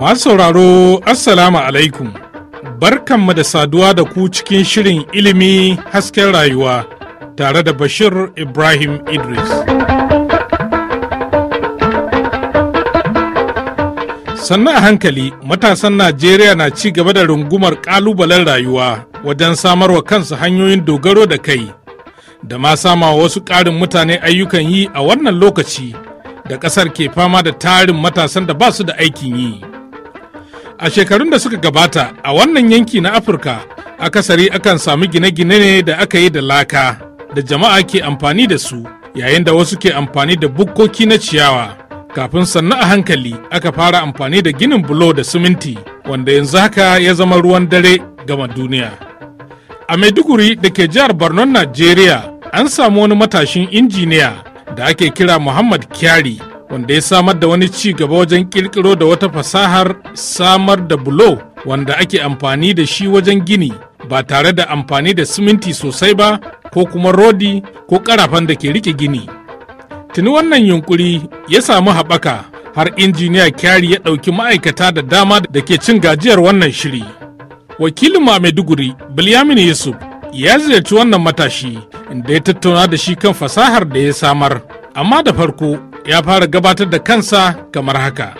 Masu sauraro, Assalamu alaikum. Barkanmu da saduwa da ku cikin shirin ilimi hasken rayuwa tare da Bashir Ibrahim Idris. Sannan a hankali matasan Najeriya na ci gaba da rungumar ƙalubalen rayuwa wajen samarwa kansu hanyoyin dogaro da kai, da ma sama wasu ƙarin mutane ayyukan yi a wannan lokaci da ƙasar ke fama da tarin matasan da ba su da aikin yi. A shekarun da suka gabata a wannan yanki na Afirka akasari akan samu gine-gine ne da aka yi da laka da jama'a ke amfani da su yayin da wasu ke amfani da bukkoki na ciyawa kafin sannu a hankali aka fara amfani da ginin bulo da siminti wanda yanzu haka ya zama ruwan dare gama duniya. A Maiduguri da ke jihar Barnon Najeriya an samu wani matashin injiniya da ake kira Muhammad Kyari wanda ya samar da wani ci gaba wajen kirkiro da wata fasahar samar da bulo wanda ake amfani da shi wajen gini ba tare da amfani da siminti sosai ba ko kuma rodi ko karafan da ke rike gini tuni wannan yunkuri ya samu haɓaka har injiniya kyari ya ɗauki ma'aikata da dama da ke cin gajiyar wannan shiri wakilin maiduguri bilyamin yusuf ya ziyarci wannan matashi inda ya tattauna da shi kan fasahar da ya samar amma da farko ya fara gabatar da kansa kamar haka.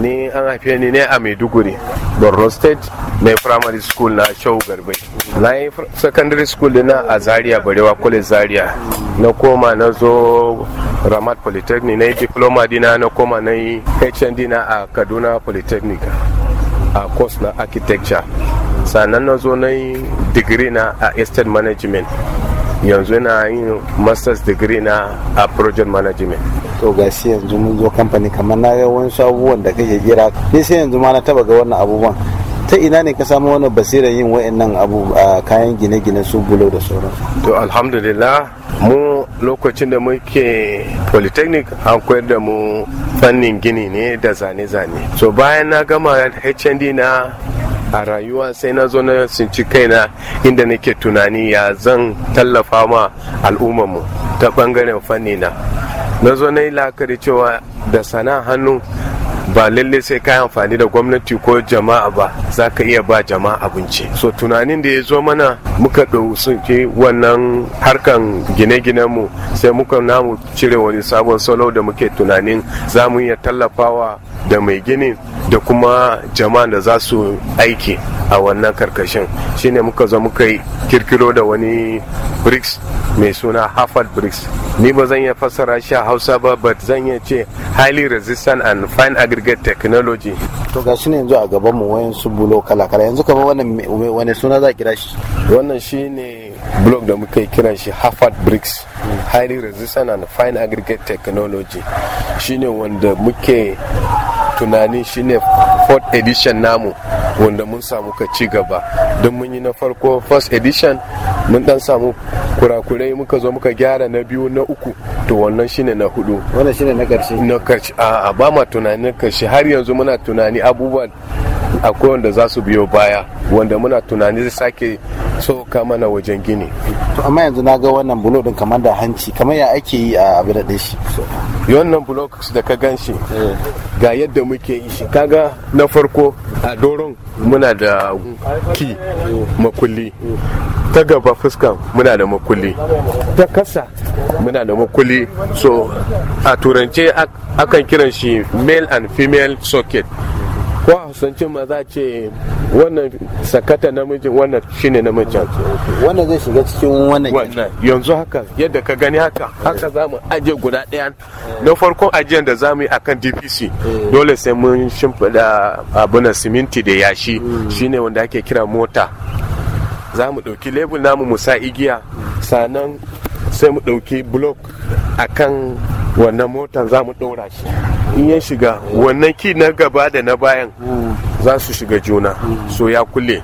Ni an haife ni ne a Maiduguri, Borno State, mai primary school na Shehu Garbe. Na yi secondary school na a Zaria Barewa College Zaria. Na koma na zo Ramat Polytechnic, na yi diploma dina na koma na yi HND na a Kaduna Polytechnic a course na architecture. Sannan na zo na yi digiri na a estate management. yanzu na yin master's degree na a project management to ga shi yanzu mun zo kamfani kamar na ga wani abubuwan da kake kira ni sai yanzu ma na taba ga wannan abubuwan ta ina ne ka samu wani basira yin wa'annan abu kayan gine-gine su bulo da sauran to alhamdulillah mu lokacin da muke polytechnic an koyar da mu fannin gini ne da zane-zane so bayan na gama hnd na a rayuwa sai na zo na sinci kaina inda nake tunani ya zan tallafa ma al'ummarmu ta bangaren fanni na na zo na yi la'akari cewa da sana hannu ba lalle sai ka amfani da gwamnati ko jama'a ba za ka iya ba jama'a abinci so tunanin da ya zo mana muka ɗauki wannan harkan gine-ginen mu sai muka namu cire wani sabon salo da muke tunanin za mu iya tallafawa da mai ginin da kuma jama'an da za su aiki a wannan karkashin shine muka zo muka kirkiro da wani brics mai suna harvard brics ni ba zan iya fassara shi a hausa ba but zan iya ce highly resistant and fine aggregate technology to ga shi ne yanzu a gaban mu wayan su bulo kala kala yanzu kamar wannan wani suna za kira shi wannan shine blog da muka kira shi harvard brics highly resistant and fine aggregate technology shine wanda muke tunani shine fourth edition namu wanda mun samu ka ci gaba don mun yi na farko first edition mun dan samu kurakurai muka zo muka gyara na biyu na uku to wannan shine na hudu wannan shine na karshe na karshe a ba ma tunanin karshe har yanzu muna tunani abubuwan akwai wanda za su biyo baya wanda muna tunani zai sake kama mana wajen gini to amma yanzu na ga wannan bulo din kamar da hanci kamar ya ake yi a abu da shi wannan blocks da ka gan shi ga yadda muke yi shi kaga na farko a doron muna da ki makulli ta gaba fuska muna da makulli ta kasa muna da makulli so a turance akan kiran shi male and female socket ko a hausance ma za ce wannan sakata namijin wannan shine namijin wannan zai shiga cikin wannan yanzu haka yadda ka gani haka haka za mu aje guda ɗaya na farkon ajiyar da za mu yi akan dpc eh. dole sai mun shimfiɗa abuna siminti da yashi hmm. shine wanda ake kira mota za mu ɗauki lebul namu mu sa igiya sannan sai mu ɗauki block akan wannan motan za mu ɗora shi in ya shiga wannan ki na gaba da na bayan za su shiga juna so ya kulle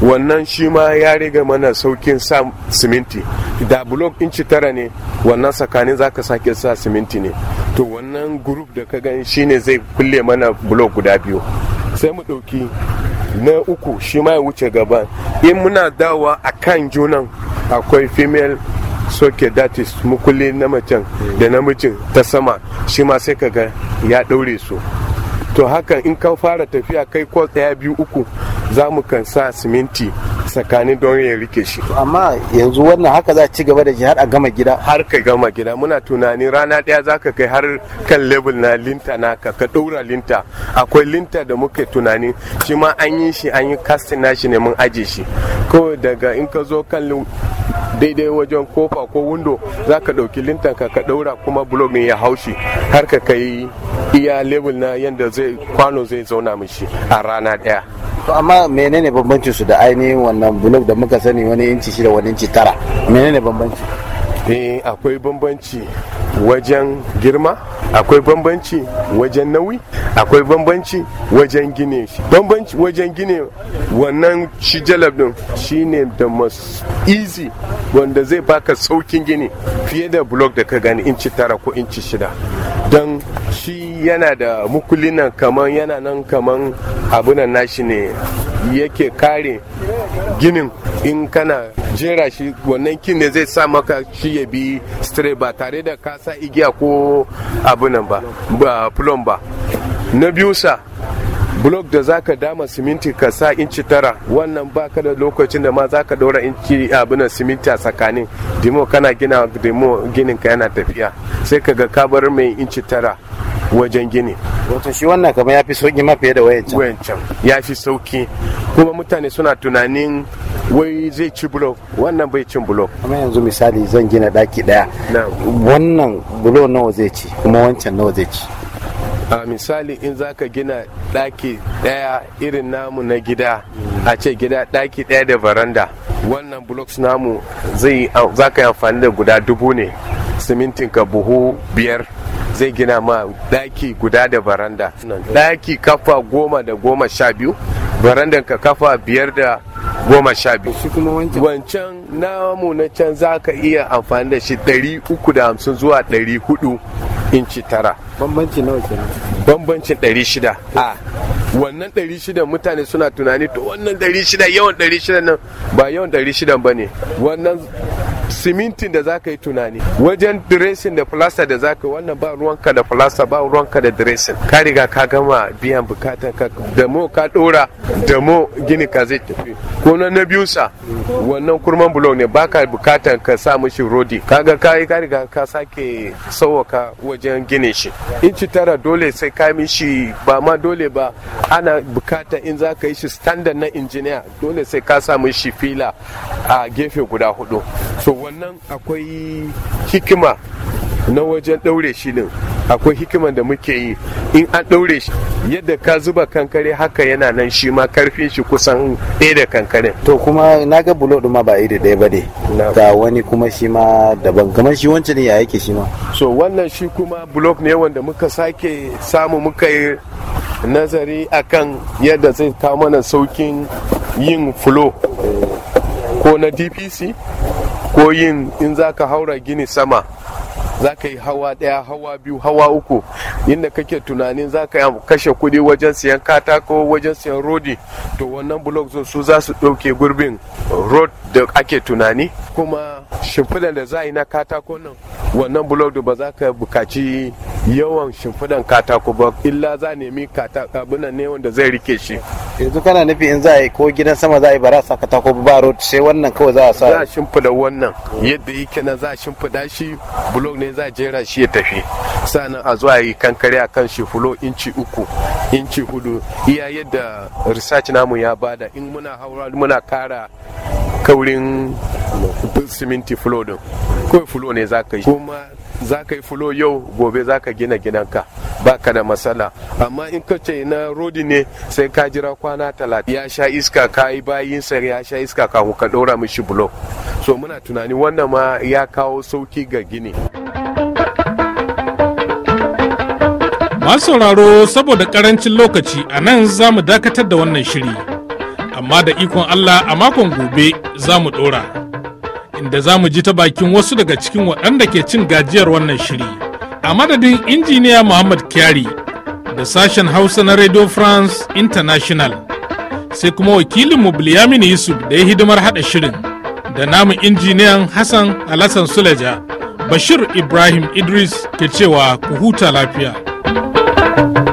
wannan shi ma ya riga mana saukin sa siminti da blok inci tara ne wannan tsakanin za ka sake sa siminti ne to wannan gurup da ka gani shi ne zai kulle mana blok guda biyu sai mu ɗauki na uku shi ma ya wuce gaba in muna dawa a kan junan akwai female socket that is mukulli na macen da namijin ta sama shi ma sai ka ga ya ɗaure su to hakan in ka fara tafiya kai ko ɗaya biyu uku za mu kan sa siminti tsakanin don ya rike shi amma yanzu wannan haka za ci gaba da shi har a gama gida har ka gama gida muna tunanin rana ɗaya za ka kai har kan level na linta naka ka ɗaura linta akwai linta da muke tunani shi ma an yi shi an yi na shi ne mun aje shi ko daga in ka zo kan daidai wajen kofa ko windo za ka ɗauki lintan ka ɗaura kuma blog ya haushi har ka kai iya level na yadda zai kwano zai zauna mishi a rana ɗaya to amma menene bambancin su da ainihin wannan blog da muka sani wani inci shida wani inci tara menene bambanci eh akwai bambanci wajen girma akwai bambanci wajen nauyi akwai bambanci wajen gine shi bambanci wajen gine wannan shi jalab shi ne da mas easy wanda zai baka saukin gini fiye da blok da ka gani inci tara ko inci shida don shi yana da mukulina kaman yana nan kaman abunan nashi ne yake kare ginin in kana jera shi wannan kin ne zai sa maka shi ya bi straight ba tare da kasa igiya ko abunan ba ba na biyu sa blok da za ka dama siminti ka sa inci tara wannan ba ka da lokacin da ma za ka daura inci abinan siminti a tsakanin dimo kana gina dimo ginin ka yana tafiya sai ka ga kabar mai inci tara wajen gini wato shi wannan kamar ya fi sauki ma fiye da wayan can ya fi sauki kuma mutane suna tunanin wai zai ci blok wannan bai cin blok kuma yanzu misali zan gina daki daya wannan blok nawa zai ci kuma wancan nawa zai ci a misali in zaka gina ɗaki ɗaya irin namu na gida a ce gida ɗaki ɗaya da baranda wannan blocks namu zai ka yi amfani da guda dubu ne simintin ka buhu biyar zai gina ma ɗaki guda da baranda ɗaki kafa goma da goma sha biyu barandan ka kafa biyar da goma sha biyu wancan namu na can za ka iya amfani da shi ɗari uku da hamsin zuwa ɗari hudu inci tara bambanci nawa kenan bambancin ɗari shida a wannan ɗari shida mutane suna tunani to wannan ɗari shida yawan ɗari shida nan ba yawan ɗari shida ba ne wannan simintin da za ka yi tunani wajen dressing da plaster da za ka yi wannan ba ruwanka da plaster ba ruwanka da dressing ka riga ka gama biyan bukatan ka da mo ka dora da mo gini ka zai tafi ko na na biyu sa wannan kurman bulo ne baka bukatan ka sa mishi rodi kaga ka yi ka riga ka sake sauwaka wajen gini shi inci tara dole sai ka mishi ba ma dole ba ana bukata in za ka yi shi standard na injiniya dole sai ka sa mishi fila a gefe guda hudu so wannan akwai hikima na wajen ɗaure shi din akwai hikiman da muke yi in an ɗaure shi yadda ka zuba kankare haka yana nan shi ma karfin shi kusan ɗaya da kankare to kuma na ga bulo ma ba iri ɗaya ba ne ga wani kuma shi ma daban kamar shi wancan ya yake shi ma so wannan shi kuma blok ne wanda muka sake samu muka yi nazari akan yadda zai kawo mana saukin yin flow ko na dpc ko yin in za ka haura gini sama za ka yi hawa daya hawa biyu hawa uku inda kake tunanin za ka kashe kudi wajen siyan katako wajen siyan rodi to wannan blok zon su za su ɗauke gurbin road da ake tunani kuma shimfidan da za a yi na katako nan wannan blog da ba za ka bukaci yawan shimfidan katako ba illa za nemi katako abinan ne wanda zai rike shi yanzu kana nufi in za a yi ko gidan sama za a yi ba sa katako ba road sai wannan kawai za a sa za a shimfida wannan yadda yake na za a shimfida shi blok ne za a jera shi ya tafi sannan a zuwa yi kankare a kan shi fulo inci uku inci hudu iya yadda research namu ya bada in muna haura muna kara kaurin siminti fulo din kawai fulo ne za ka yi kuma za ka yi fulo yau gobe za ka gina gidanka baka da matsala amma in ka ce na rodi ne sai ka jira kwana talatin ya sha iska ka yi bayin ya sha iska ka ka ɗora mishi bulo so muna tunani wannan ma ya kawo sauki ga gini masu sauraro saboda karancin lokaci a nan za mu dakatar da wannan shiri amma da ikon allah a makon gobe za mu ɗora inda za mu ji ta bakin wasu daga cikin waɗanda ke cin gajiyar wannan shiri a madadin injiniya muhammad kyari da sashen hausa na radio france international sai kuma wakilinmu bilyamin yusuf da ya hidimar hada shirin da namu injiniyan hassan alassan suleja bashir ibrahim idris ke cewa ku huta lafiya